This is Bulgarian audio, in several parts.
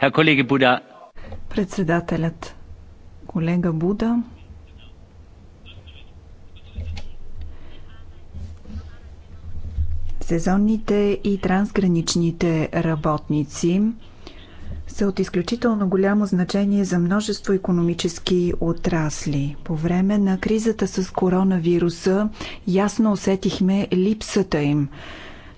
Herr Kollege Buda. Председателят. Колега Буда. Сезонните и трансграничните работници са от изключително голямо значение за множество економически отрасли. По време на кризата с коронавируса ясно усетихме липсата им.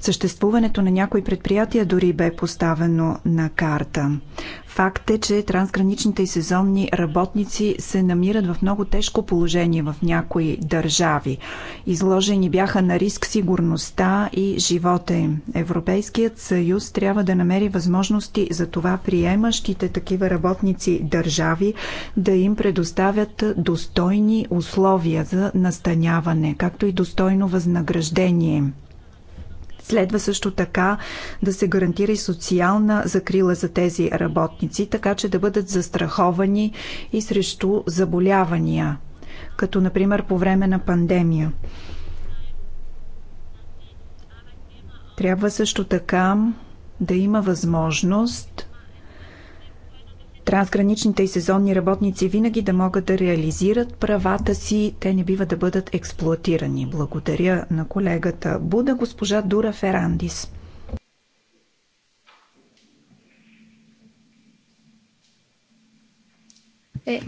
Съществуването на някои предприятия дори бе поставено на карта. Факт е, че трансграничните и сезонни работници се намират в много тежко положение в някои държави. Изложени бяха на риск сигурността и живота им. Европейският съюз трябва да намери възможности за това приемащите такива работници държави да им предоставят достойни условия за настаняване, както и достойно възнаграждение. Следва също така да се гарантира и социална закрила за тези работници, така че да бъдат застраховани и срещу заболявания, като например по време на пандемия. Трябва също така да има възможност трансграничните и сезонни работници винаги да могат да реализират правата си, те не бива да бъдат експлуатирани. Благодаря на колегата Буда, госпожа Дура Ферандис. Е,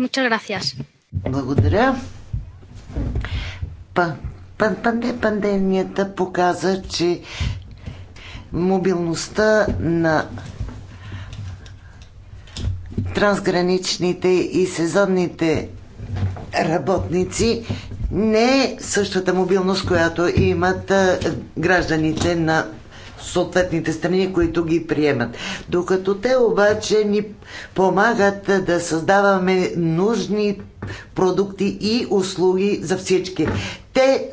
Благодаря. Пандемията показа, че мобилността на трансграничните и сезонните работници не е същата мобилност, която имат гражданите на съответните страни, които ги приемат. Докато те обаче ни помагат да създаваме нужни продукти и услуги за всички. Те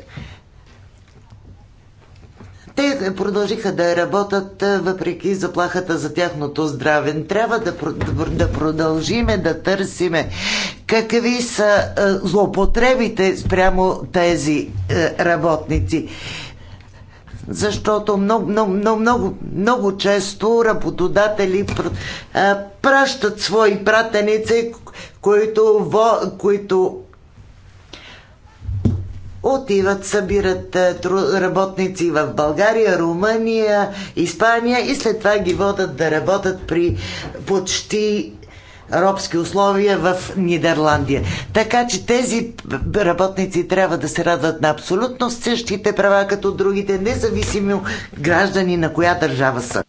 те продължиха да работят е, въпреки заплахата за тяхното здраве. Трябва да, да продължиме да търсиме какви са е, злоупотребите спрямо тези е, работници защото много, много, много, много, много често работодатели пращат свои пратеници, които, които отиват, събират е, работници в България, Румъния, Испания и след това ги водат да работят при почти робски условия в Нидерландия. Така че тези работници трябва да се радват на абсолютно същите права като другите, независимо граждани на коя държава са.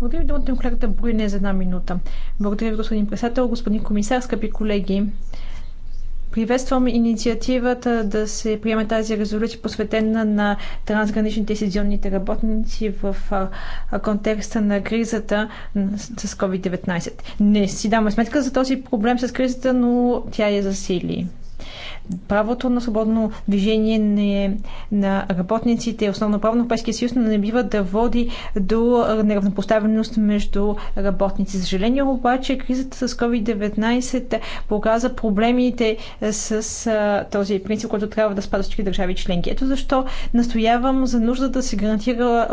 Благодаря ви, думата на колегата Бруйне за една минута. Благодаря ви, господин председател, господин комисар, скъпи колеги. Приветствам инициативата да се приеме тази резолюция, посветена на трансграничните сезонните работници в контекста на кризата с COVID-19. Не си даваме сметка за този проблем с кризата, но тя я засили правото на свободно движение не, е на работниците, е основно право на Европейския съюз, но не бива да води до неравнопоставеност между работници. За съжаление обаче, кризата с COVID-19 показа проблемите с а, този принцип, който трябва да спада всички държави членки. Ето защо настоявам за нужда да се гарантира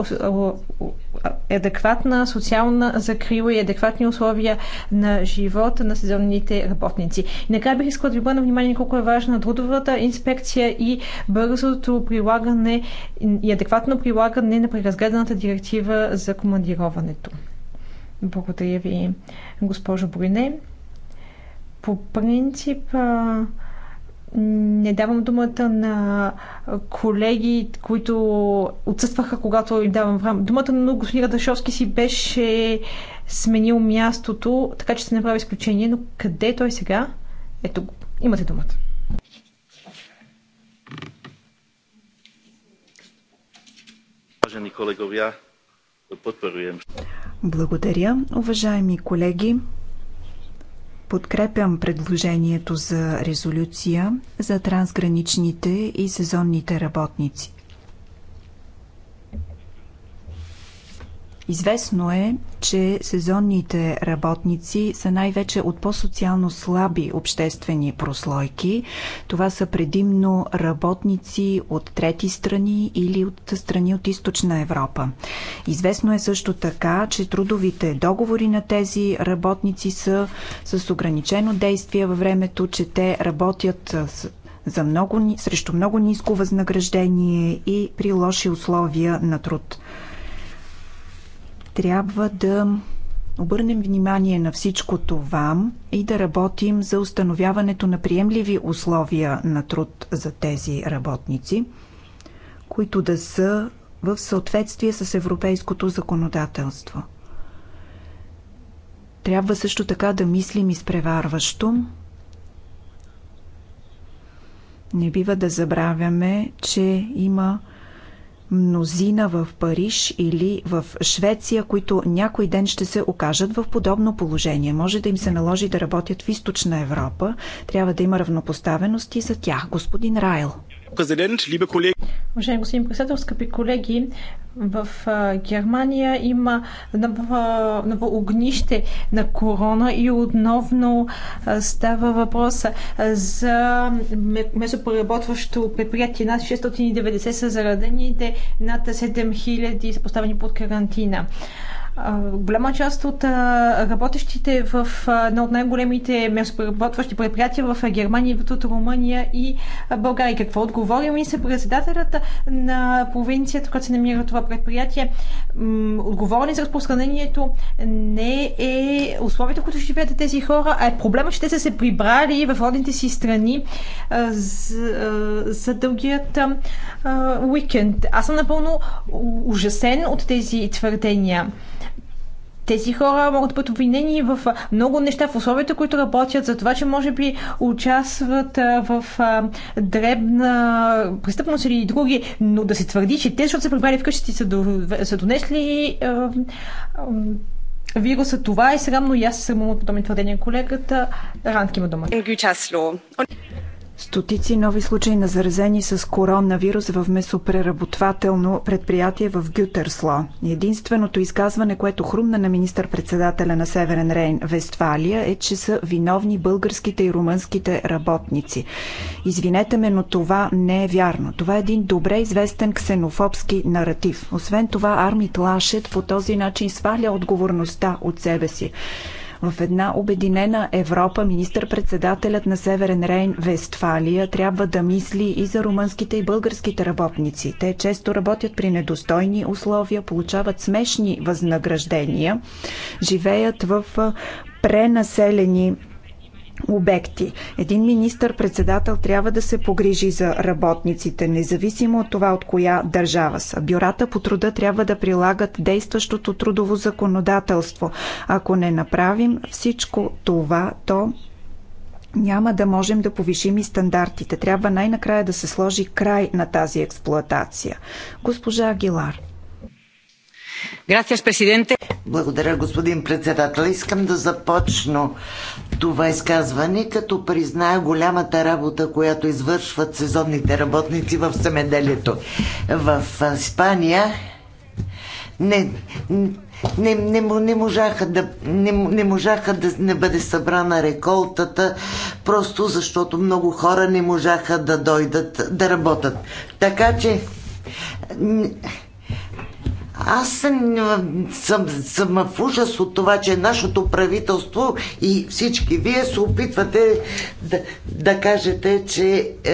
адекватна социална закрила и адекватни условия на живота на сезонните работници. И накрая бих искала да ви обърна внимание колко е важна трудовата инспекция и бързото прилагане и адекватно прилагане на преразгледаната директива за командироването. Благодаря ви, госпожо Брине. По принцип, не давам думата на колеги, които отсъстваха, когато им давам време. Думата на господин Радашовски си беше сменил мястото, така че се направи изключение, но къде е той сега? Ето Имате думата. Благодаря, уважаеми колеги. Подкрепям предложението за резолюция за трансграничните и сезонните работници. Известно е, че сезонните работници са най-вече от по-социално слаби обществени прослойки. Това са предимно работници от трети страни или от страни от източна Европа. Известно е също така, че трудовите договори на тези работници са с ограничено действие във времето, че те работят за много, срещу много ниско възнаграждение и при лоши условия на труд. Трябва да обърнем внимание на всичко това и да работим за установяването на приемливи условия на труд за тези работници, които да са в съответствие с европейското законодателство. Трябва също така да мислим изпреварващо. Не бива да забравяме, че има мнозина в Париж или в Швеция, които някой ден ще се окажат в подобно положение. Може да им се наложи да работят в източна Европа. Трябва да има равнопоставеност и за тях. Господин Райл. Уважаеми господин председател, скъпи колеги, в Германия има ново, ново огнище на корона и отново става въпрос за месопреработващо предприятие. Над 690 са зарадените, над 7000 са поставени под карантина. Голяма част от работещите в едно от най-големите мясопреработващи предприятия в Германия, от Румъния и България. Какво отговори ми се председателят на провинцията, която се намира това предприятие? Отговорен за разпространението не е условието, което които живеят тези хора, а е проблема, че те са се прибрали в родните си страни за, за дългият уикенд. Аз съм напълно ужасен от тези твърдения. Тези хора могат да бъдат обвинени в много неща, в условията, които работят, за това, че може би участват в дребна престъпност или други, но да се твърди, че те, защото са прибрали вкъщи, са, до, са донесли вируса. Това е срамно и аз се срамувам от подобни твърдения. Колегата Ранки има дома. Стотици нови случаи на заразени с коронавирус в месопреработвателно предприятие в Гютерсло. Единственото изказване, което хрумна на министър-председателя на Северен Рейн Вестфалия е, че са виновни българските и румънските работници. Извинете ме, но това не е вярно. Това е един добре известен ксенофобски наратив. Освен това, Армит Лашет по този начин сваля отговорността от себе си. В една обединена Европа министър-председателят на Северен Рейн Вестфалия трябва да мисли и за румънските и българските работници. Те често работят при недостойни условия, получават смешни възнаграждения, живеят в пренаселени обекти. Един министър-председател трябва да се погрижи за работниците, независимо от това от коя държава са. Бюрата по труда трябва да прилагат действащото трудово законодателство. Ако не направим всичко това, то няма да можем да повишим и стандартите. Трябва най-накрая да се сложи край на тази експлоатация. Госпожа Агилар. Благодаря, господин председател. Искам да започна това изказване, като призная голямата работа, която извършват сезонните работници в семеделието. В Испания не, не, не, не, можаха да, не, не можаха да не бъде събрана реколтата, просто защото много хора не можаха да дойдат да работят. Така че аз съм, съм, съм в ужас от това, че нашето правителство и всички вие се опитвате да, да кажете, че е,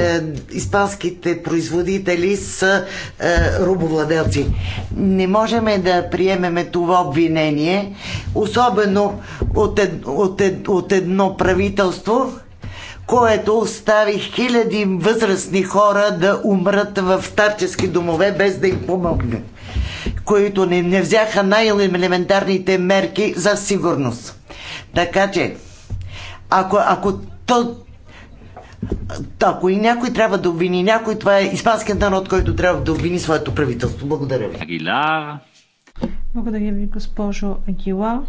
испанските производители са е, рубовладелци. Не можем да приемеме това обвинение, особено от, ед, от, ед, от едно правителство, което остави хиляди възрастни хора да умрат в старчески домове, без да им помогне, които не, не взяха най-елементарните мерки за сигурност. Така че, ако, ако то, ако и някой трябва да обвини някой, това е испанският народ, който трябва да обвини своето правителство. Благодаря ви. Агила. Благодаря ви, госпожо Агила.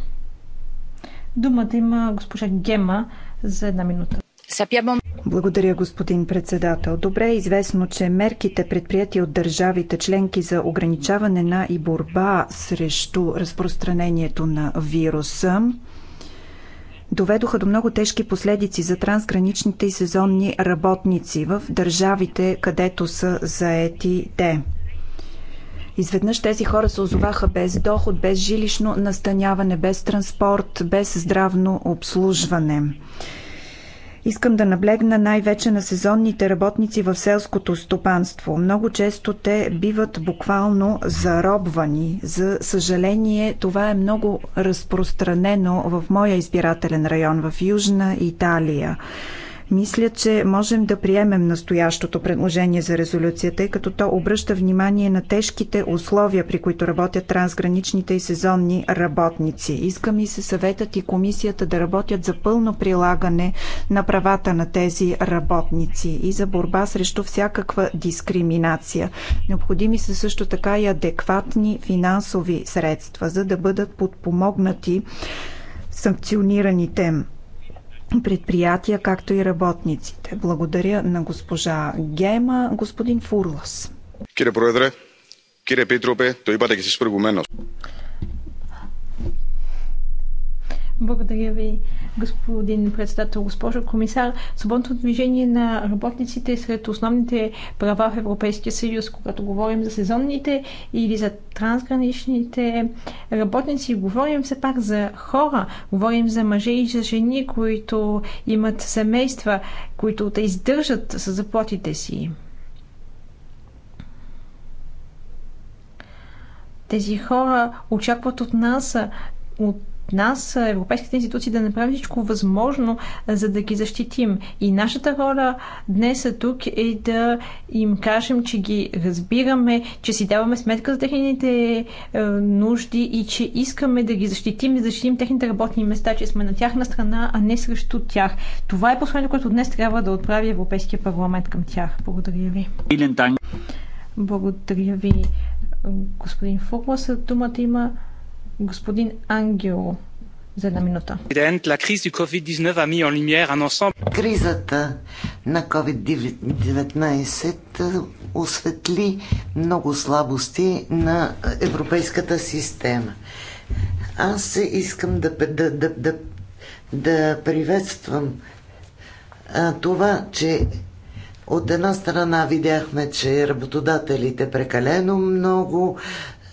Думата има госпожа Гема за една минута. Благодаря, господин председател. Добре е известно, че мерките предприяти от държавите членки за ограничаване на и борба срещу разпространението на вируса доведоха до много тежки последици за трансграничните и сезонни работници в държавите, където са заети те. Изведнъж тези хора се озоваха без доход, без жилищно настаняване, без транспорт, без здравно обслужване. Искам да наблегна най-вече на сезонните работници в селското стопанство. Много често те биват буквално заробвани. За съжаление, това е много разпространено в моя избирателен район в Южна Италия. Мисля, че можем да приемем настоящото предложение за резолюция, тъй като то обръща внимание на тежките условия, при които работят трансграничните и сезонни работници. Искам и се съветът и комисията да работят за пълно прилагане на правата на тези работници и за борба срещу всякаква дискриминация. Необходими са също така и адекватни финансови средства, за да бъдат подпомогнати санкционираните предприятия, както и работниците. Благодаря на госпожа Гема, господин Фурлас. Кире Проедре, кире Петропе, то είπατε ги си Благодаря ви, господин председател, госпожо комисар. Свободното движение на работниците сред основните права в Европейския съюз, когато говорим за сезонните или за трансграничните работници, говорим все пак за хора, говорим за мъже и за жени, които имат семейства, които те издържат с заплатите си. Тези хора очакват от нас от от нас, европейските институции, да направим всичко възможно, за да ги защитим. И нашата роля днес е тук е да им кажем, че ги разбираме, че си даваме сметка за техните нужди и че искаме да ги защитим и да защитим техните работни места, че сме на тяхна страна, а не срещу тях. Това е послание, което днес трябва да отправи Европейския парламент към тях. Благодаря ви. Благодаря ви, господин Фурмас. Думата има Господин Ангел, за една минута. Кризата на COVID-19 осветли много слабости на европейската система. Аз искам да, да, да, да, да приветствам а, това, че от една страна видяхме, че работодателите прекалено много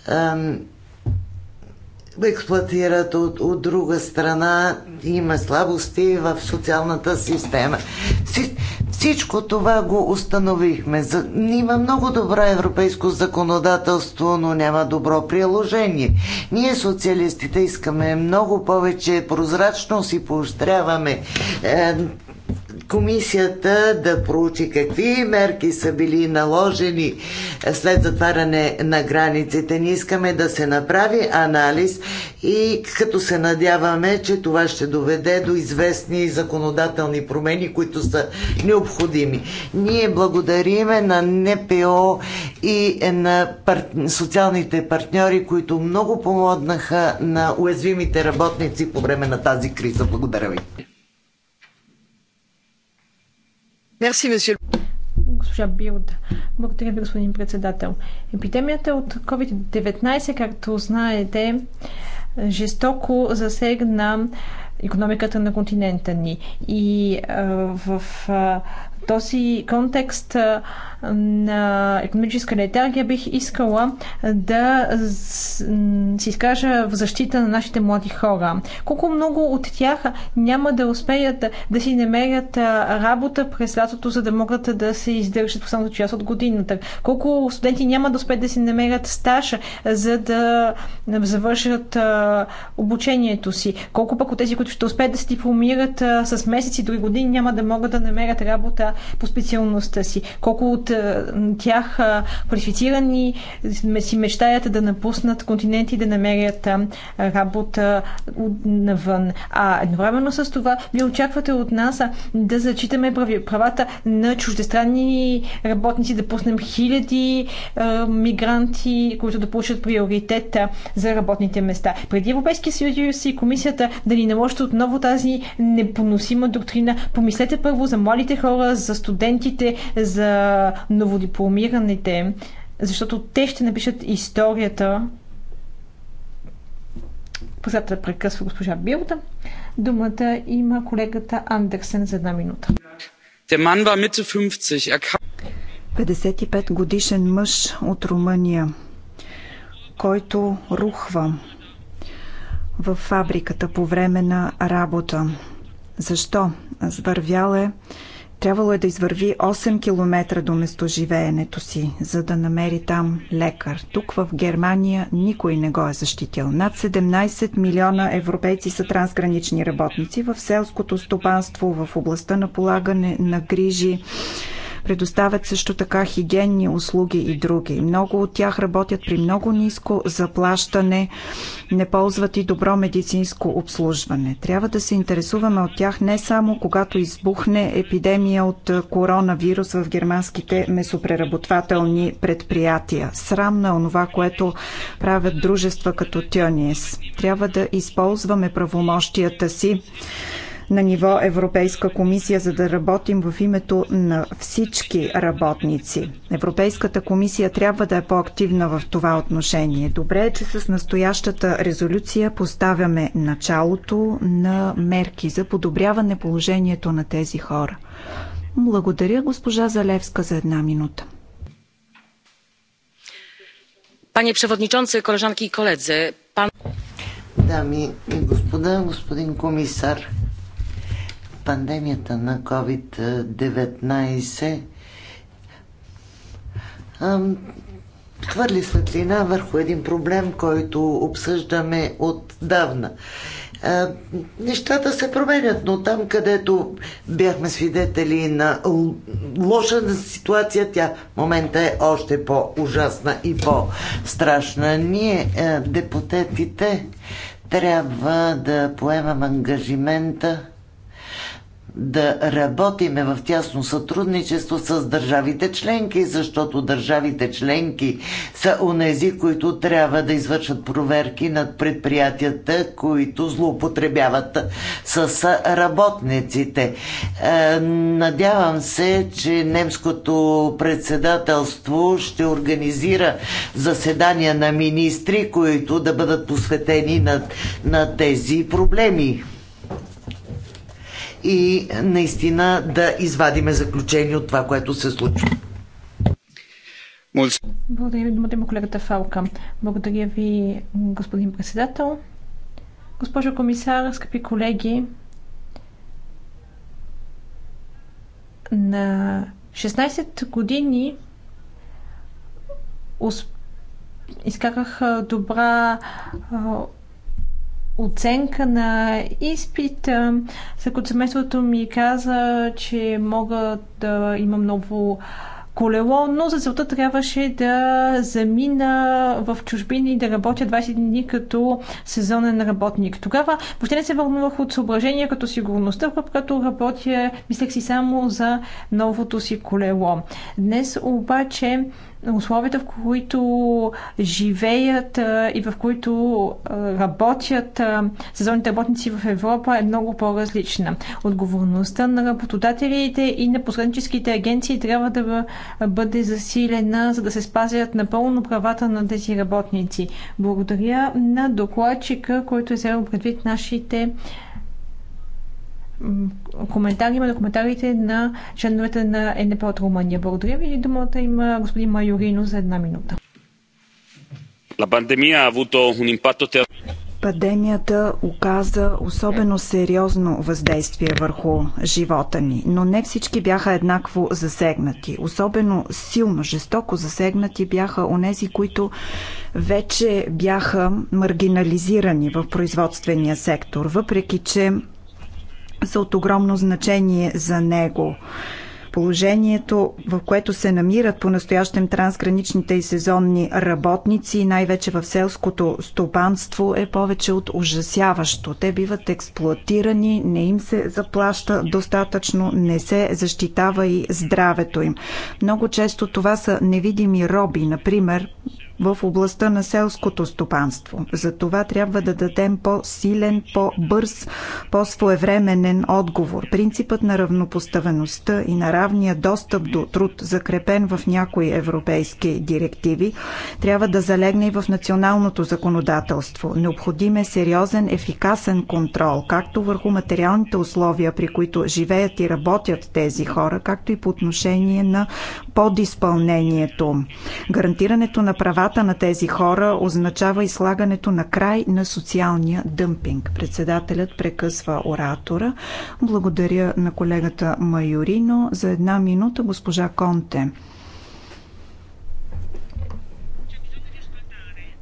а, експлуатират от, от друга страна, има слабости в социалната система. Всичко това го установихме. За, има много добро европейско законодателство, но няма добро приложение. Ние, социалистите, искаме много повече прозрачност и поощряваме е, комисията да проучи какви мерки са били наложени след затваряне на границите. Ние искаме да се направи анализ и като се надяваме, че това ще доведе до известни законодателни промени, които са необходими. Ние благодариме на НПО и на пар... социалните партньори, които много помогнаха на уязвимите работници по време на тази криза. Благодаря ви. Госпожа Билда. Благодаря ви, господин председател. Епидемията от COVID-19, както знаете, жестоко засегна економиката на континента ни. И а, в а, този контекст на економическа летаргия бих искала да си изкажа в защита на нашите млади хора. Колко много от тях няма да успеят да си намерят работа през лятото, за да могат да се издържат в самото част от годината. Колко студенти няма да успеят да си намерят стаж, за да завършат обучението си. Колко пък от тези, които ще успеят да се дипломират с месеци, дори години, няма да могат да намерят работа по специалността си. Колко от е, тях е, квалифицирани си мечтаят да напуснат континент и да намерят работа навън. А едновременно с това, вие очаквате от нас да зачитаме правата на чуждестранни работници, да пуснем хиляди е, мигранти, които да получат приоритет за работните места. Преди Европейския съюз и комисията да ни наложат отново тази непоносима доктрина, помислете първо за младите хора, за студентите, за новодипломираните, защото те ще напишат историята. Председателя прекъсва госпожа Билда. Думата има колегата Андерсен за една минута. 55 er годишен мъж от Румъния, който рухва в фабриката по време на работа. Защо? Звървял е Трябвало е да извърви 8 км до местоживеенето си, за да намери там лекар. Тук в Германия никой не го е защитил. Над 17 милиона европейци са трансгранични работници в селското стопанство, в областта на полагане на грижи Предоставят също така хигиенни услуги и други. Много от тях работят при много ниско заплащане, не ползват и добро медицинско обслужване. Трябва да се интересуваме от тях не само когато избухне епидемия от коронавирус в германските месопреработвателни предприятия. Срам е онова, което правят дружества като Тюнис. Трябва да използваме правомощията си на ниво Европейска комисия, за да работим в името на всички работници. Европейската комисия трябва да е по-активна в това отношение. Добре е, че с настоящата резолюция поставяме началото на мерки за подобряване положението на тези хора. Благодаря госпожа Залевска за една минута. Пане przewodniczący, колежанки и колеги, пан... Дами и господа, господин комисар, пандемията на COVID-19 хвърли светлина върху един проблем, който обсъждаме отдавна. Нещата се променят, но там, където бяхме свидетели на лоша ситуация, тя в момента е още по-ужасна и по-страшна. Ние, депутатите трябва да поемам ангажимента да работиме в тясно сътрудничество с държавите членки, защото държавите членки са онези, които трябва да извършат проверки над предприятията, които злоупотребяват с работниците. Е, надявам се, че немското председателство ще организира заседания на министри, които да бъдат посветени на, на тези проблеми и наистина да извадиме заключение от това, което се случва. Благодаря ви, думата има колегата Фалка. Благодаря ви, господин председател. Госпожо комисар, скъпи колеги, на 16 години изкарах добра оценка на изпита, след като семейството ми каза, че мога да имам ново колело, но за целта трябваше да замина в чужбина и да работя 20 дни като сезонен работник. Тогава въобще не се вълнувах от съображения като сигурността, когато работя, мислех си само за новото си колело. Днес обаче условията, в които живеят и в които работят сезонните работници в Европа е много по-различна. Отговорността на работодателите и на посредническите агенции трябва да бъде засилена, за да се спазят напълно правата на тези работници. Благодаря на докладчика, който е взел предвид нашите коментар има на коментарите на членовете на НП от Румъния. Благодаря ви и думата има господин Майорино за една минута. Пандемията оказа особено сериозно въздействие върху живота ни, но не всички бяха еднакво засегнати. Особено силно, жестоко засегнати бяха онези, които вече бяха маргинализирани в производствения сектор, въпреки че са от огромно значение за него. Положението, в което се намират по-настоящем трансграничните и сезонни работници, най-вече в селското стопанство, е повече от ужасяващо. Те биват експлуатирани, не им се заплаща достатъчно, не се защитава и здравето им. Много често това са невидими роби, например в областта на селското стопанство. За това трябва да дадем по-силен, по-бърз, по-своевременен отговор. Принципът на равнопоставеността и на равния достъп до труд, закрепен в някои европейски директиви, трябва да залегне и в националното законодателство. Необходим е сериозен, ефикасен контрол, както върху материалните условия, при които живеят и работят тези хора, както и по отношение на подизпълнението. Гарантирането на правата правата на тези хора означава и слагането на край на социалния дъмпинг. Председателят прекъсва оратора. Благодаря на колегата Майорино. За една минута госпожа Конте.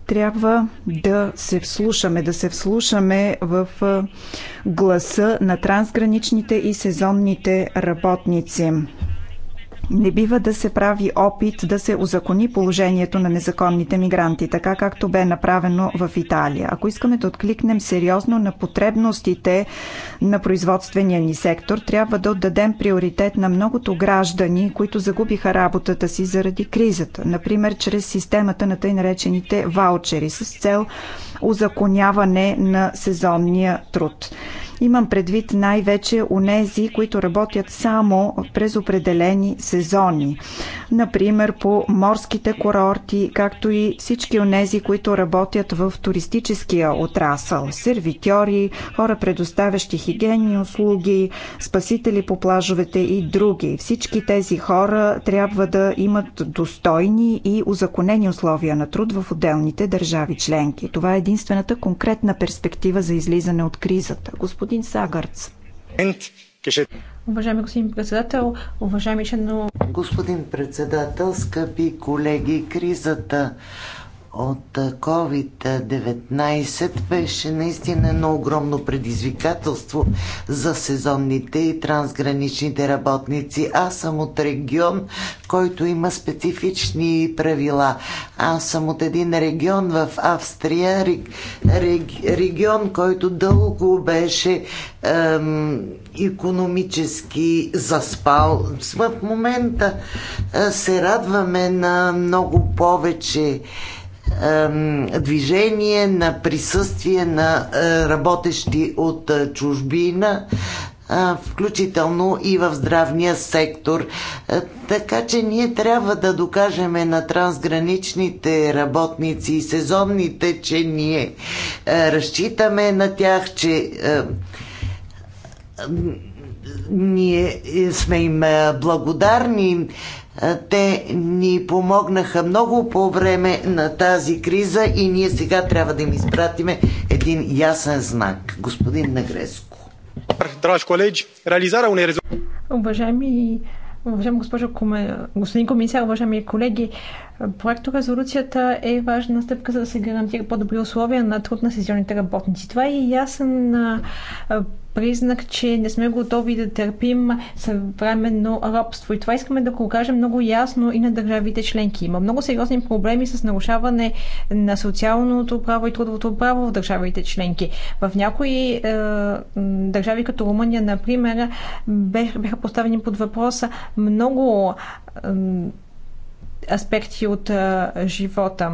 трябва да се вслушаме, да се вслушаме в гласа на трансграничните и сезонните работници. Не бива да се прави опит да се озакони положението на незаконните мигранти, така както бе направено в Италия. Ако искаме да откликнем сериозно на потребностите на производствения ни сектор, трябва да отдадем приоритет на многото граждани, които загубиха работата си заради кризата. Например, чрез системата на тъй наречените ваучери с цел озаконяване на сезонния труд. Имам предвид най-вече онези, които работят само през определени сезони. Например, по морските курорти, както и всички онези, които работят в туристическия отрасъл. Сервитьори, хора предоставящи хигиенни услуги, спасители по плажовете и други. Всички тези хора трябва да имат достойни и узаконени условия на труд в отделните държави членки. Това е единствената конкретна перспектива за излизане от кризата. Господин господин Сагарц. Уважаеми господин председател, уважаеми членове. Господин председател, скъпи колеги, кризата от COVID-19 беше наистина едно огромно предизвикателство за сезонните и трансграничните работници. Аз съм от регион, който има специфични правила. Аз съм от един регион в Австрия, регион, който дълго беше ем, економически заспал. В момента се радваме на много повече движение, на присъствие на работещи от чужбина, включително и в здравния сектор. Така че ние трябва да докажем на трансграничните работници и сезонните, че ние разчитаме на тях, че ние е, сме им благодарни е, те ни помогнаха много по време на тази криза и ние сега трябва да им изпратиме един ясен знак. Господин Нагреско. Драж колеги, реализара резултат. Уважаеми Уважаема госпожо, господин комисар, уважаеми колеги, Проекторезолюцията е важна стъпка, за да се гарантира по-добри условия на труд на сезионните работници. Това е ясен признак, че не сме готови да търпим съвременно робство. И това искаме да го кажем много ясно и на държавите членки. Има много сериозни проблеми с нарушаване на социалното право и трудовото право в държавите членки. В някои е, държави, като Румъния, например, бяха поставени под въпроса много. Е, аспекти от живота.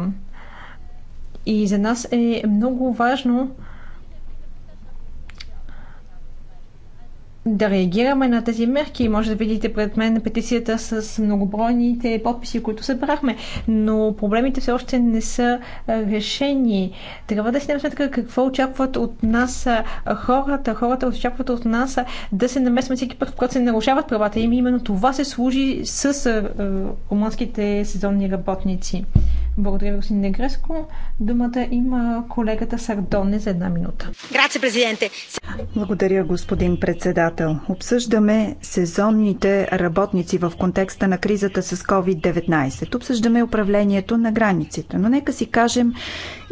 И за нас е много важно да реагираме на тези мерки. Може да видите пред мен петицията с многобройните подписи, които събрахме, но проблемите все още не са решени. Трябва да си дам сметка какво очакват от нас хората. Хората очакват от нас да се намесваме всеки път, когато се нарушават правата им. Именно това се служи с е, е, румънските сезонни работници. Благодаря ви, господин Негреско. Думата има колегата Сардоне за една минута. Грация, президенте! Благодаря, господин председател. Обсъждаме сезонните работници в контекста на кризата с COVID-19. Обсъждаме управлението на границите. Но нека си кажем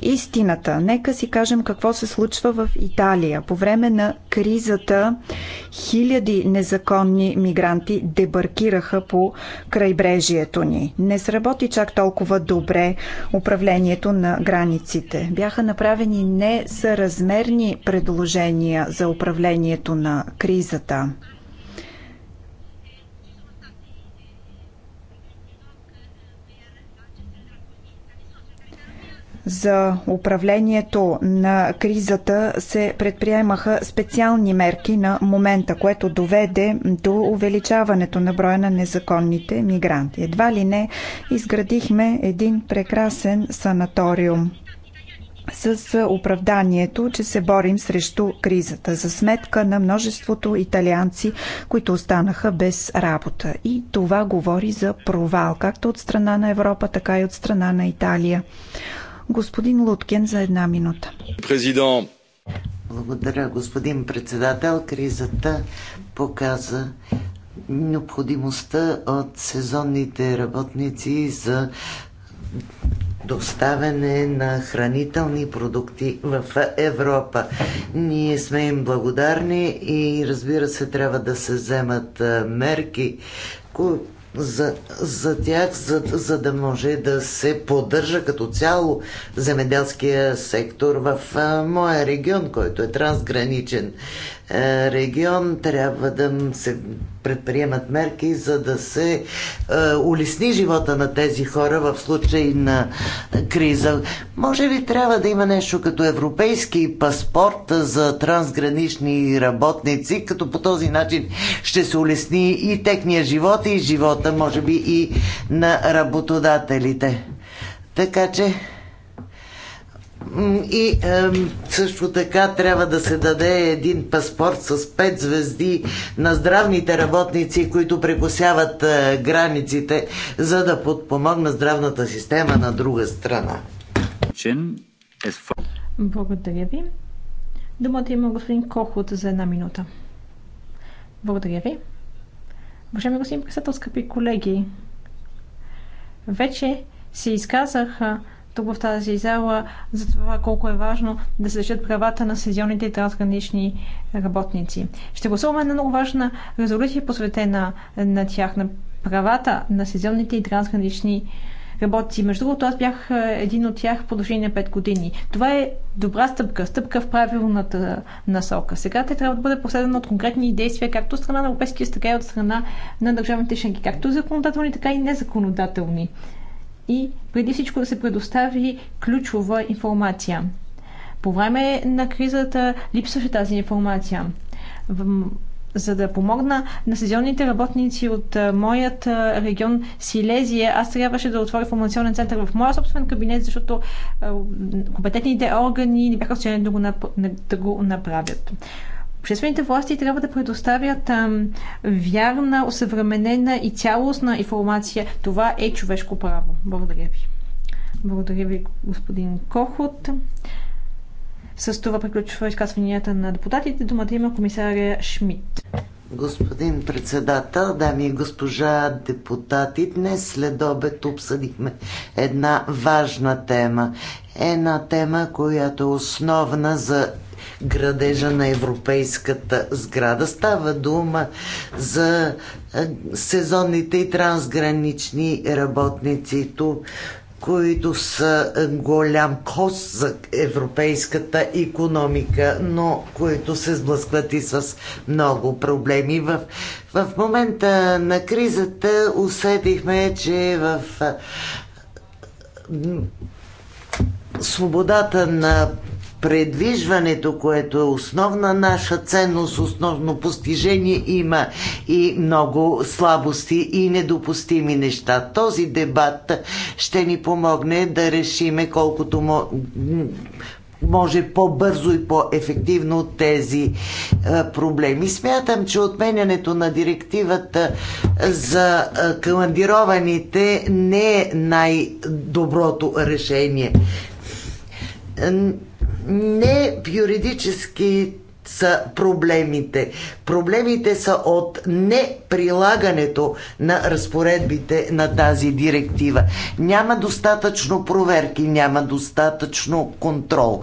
истината. Нека си кажем какво се случва в Италия. По време на кризата хиляди незаконни мигранти дебаркираха по крайбрежието ни. Не сработи чак толкова добре управлението на границите. Бяха направени несъразмерни предложения за управлението на кризата. за управлението на кризата се предприемаха специални мерки на момента, което доведе до увеличаването на броя на незаконните мигранти. Едва ли не изградихме един прекрасен санаториум с оправданието, че се борим срещу кризата, за сметка на множеството италианци, които останаха без работа. И това говори за провал, както от страна на Европа, така и от страна на Италия. Господин Луткен за една минута. Президент. Благодаря, господин председател. Кризата показа необходимостта от сезонните работници за доставяне на хранителни продукти в Европа. Ние сме им благодарни и разбира се трябва да се вземат мерки, за, за тях, за, за да може да се поддържа като цяло земеделския сектор в а, моя регион, който е трансграничен. Е, регион трябва да се предприемат мерки, за да се е, улесни живота на тези хора в случай на криза. Може ли трябва да има нещо като европейски паспорт за трансгранични работници, като по този начин ще се улесни и техния живот, и живота, може би, и на работодателите? Така че и е, също така трябва да се даде един паспорт с пет звезди на здравните работници, които прекосяват е, границите, за да подпомогна здравната система на друга страна. Е Благодаря ви. Думата има господин Кохот за една минута. Благодаря ви. Уважаеми господин председател, скъпи колеги, вече се изказаха тук в тази зала за това колко е важно да се защитят правата на сезионните и трансгранични работници. Ще гласуваме една много важна резолюция, посветена на тях, на правата на сезионните и трансгранични работници. Между другото, аз бях е, един от тях в продължение на 5 години. Това е добра стъпка, стъпка в правилната насока. Сега те трябва да бъде последвана от конкретни действия, както от страна на Европейския, така и от страна на държавните шенки, както законодателни, така и незаконодателни и преди всичко да се предостави ключова информация. По време на кризата липсваше тази информация. За да помогна на сезонните работници от моят регион Силезия, аз трябваше да отворя информационен център в моя собствен кабинет, защото компетентните органи не бяха в да го направят. Обществените власти трябва да предоставят ам, вярна, осъвременена и цялостна информация. Това е човешко право. Благодаря ви. Благодаря ви, господин Кохот. С това приключва изказванията на депутатите. Думата има комисаря Шмидт. Господин председател, дами и госпожа депутати, днес след обед обсъдихме една важна тема. Една тема, която е основна за градежа на европейската сграда. Става дума за е, сезонните и трансгранични работници, които са е, голям кост за европейската економика, но които се сблъскват и с много проблеми. В, в момента на кризата усетихме, че в е, свободата на предвижването, което е основна наша ценност, основно постижение, има и много слабости и недопустими неща. Този дебат ще ни помогне да решиме колкото може по-бързо и по-ефективно тези е, проблеми. Смятам, че отменянето на директивата за е, командированите не е най-доброто решение не в юридически са проблемите. Проблемите са от неприлагането на разпоредбите на тази директива. Няма достатъчно проверки, няма достатъчно контрол.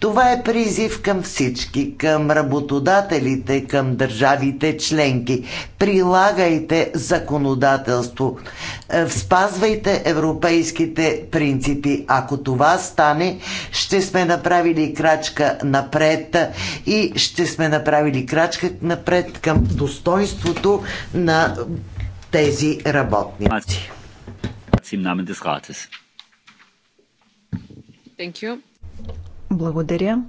Това е призив към всички, към работодателите, към държавите членки. Прилагайте законодателство. Е, спазвайте европейските принципи. Ако това стане, ще сме направили крачка напред и ще сме направили крачка напред към достоинството на тези работници. Благодаря.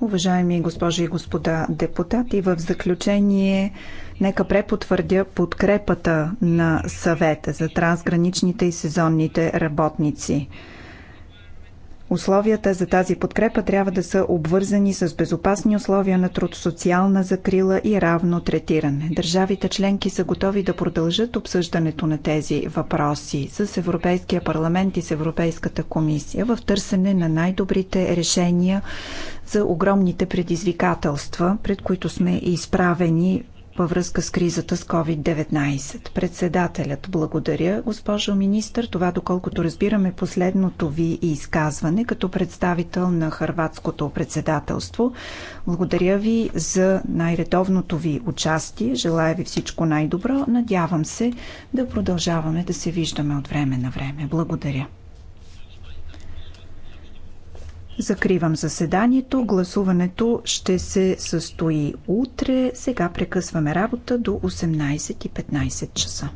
Уважаеми госпожи и господа депутати, в заключение нека препотвърдя подкрепата на съвета за трансграничните и сезонните работници. Условията за тази подкрепа трябва да са обвързани с безопасни условия на труд, социална закрила и равно третиране. Държавите членки са готови да продължат обсъждането на тези въпроси с Европейския парламент и с Европейската комисия в търсене на най-добрите решения за огромните предизвикателства, пред които сме изправени във връзка с кризата с COVID-19. Председателят, благодаря, госпожо министър. Това, доколкото разбираме, последното ви изказване като представител на Харватското председателство. Благодаря ви за най-редовното ви участие. Желая ви всичко най-добро. Надявам се да продължаваме да се виждаме от време на време. Благодаря. Закривам заседанието. Гласуването ще се състои утре. Сега прекъсваме работа до 18.15 часа.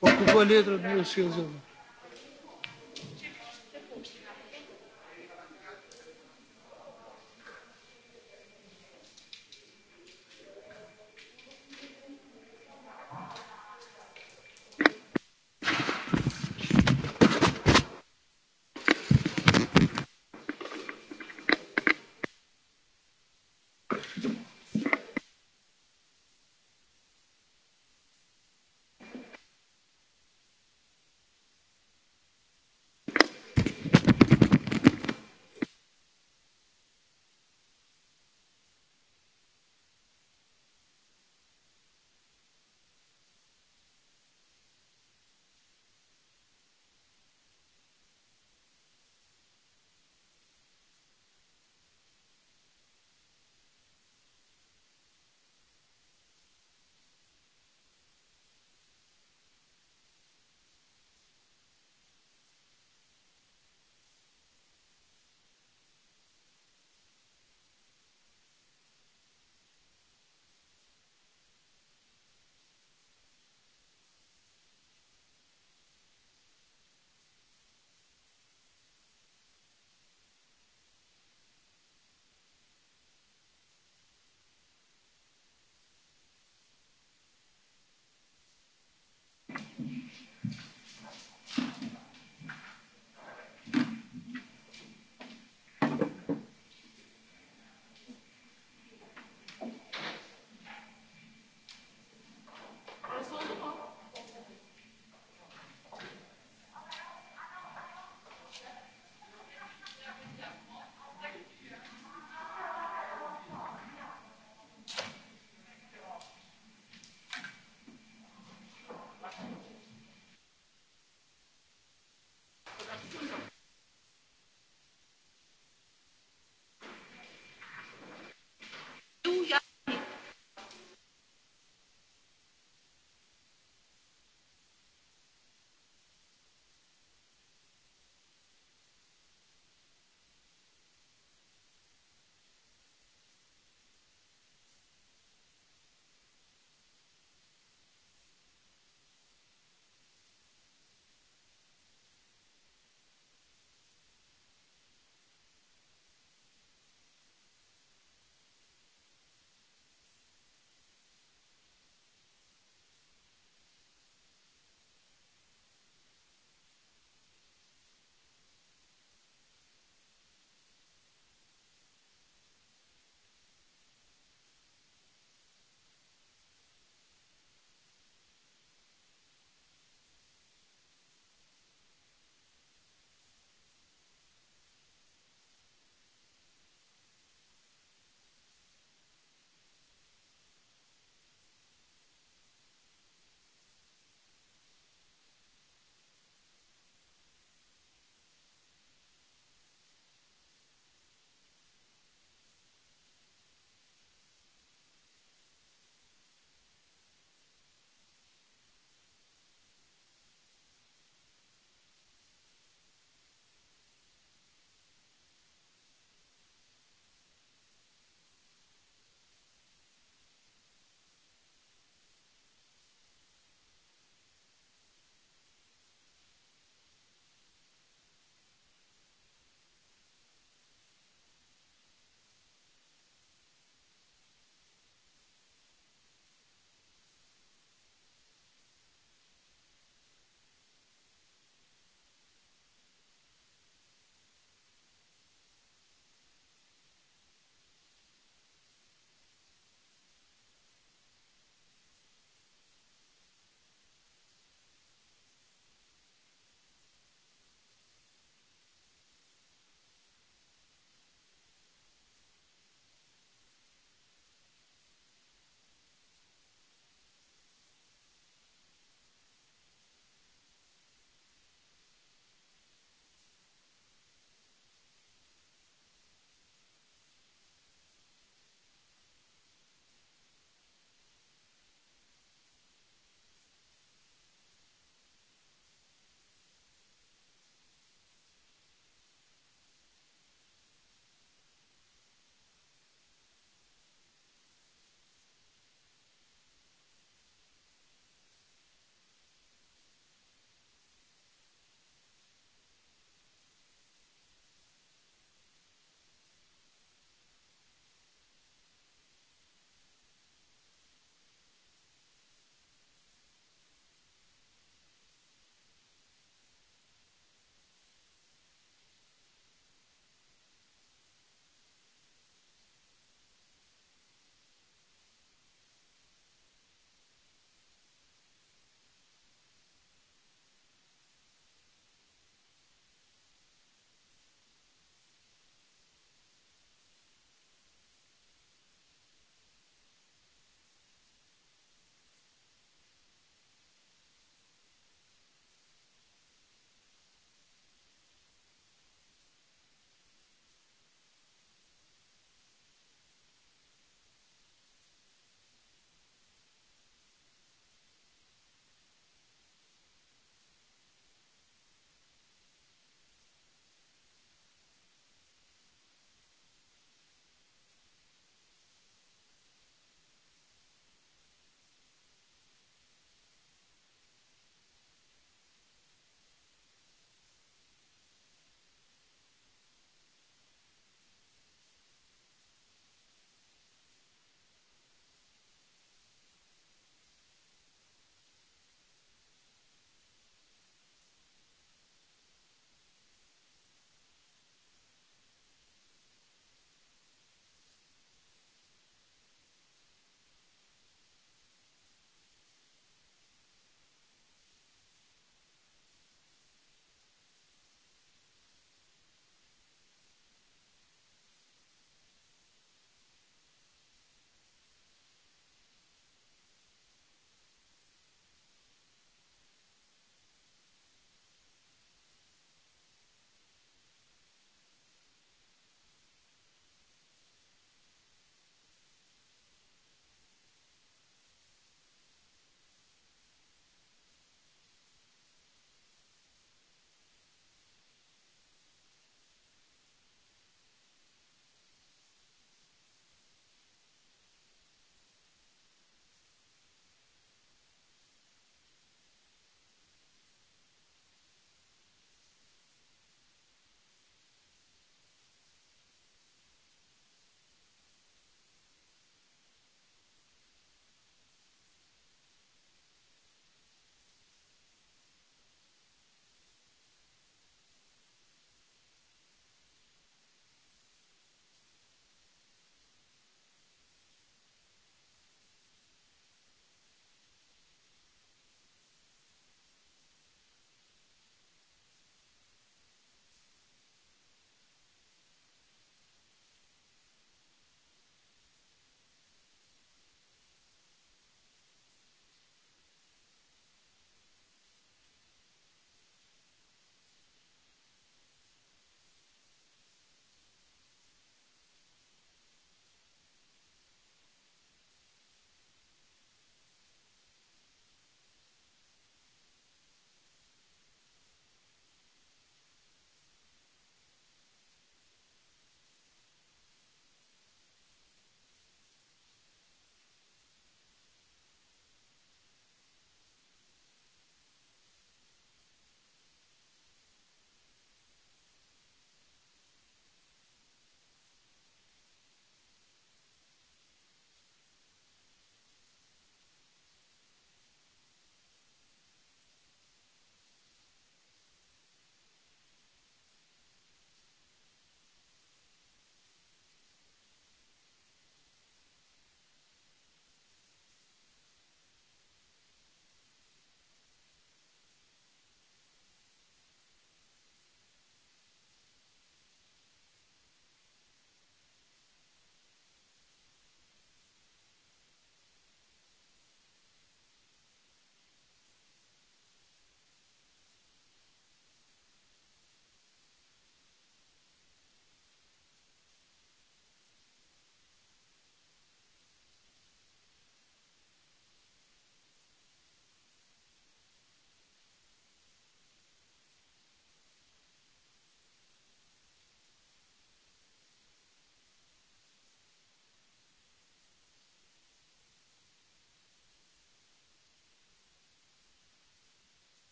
Ocupa a letra do meu senhor.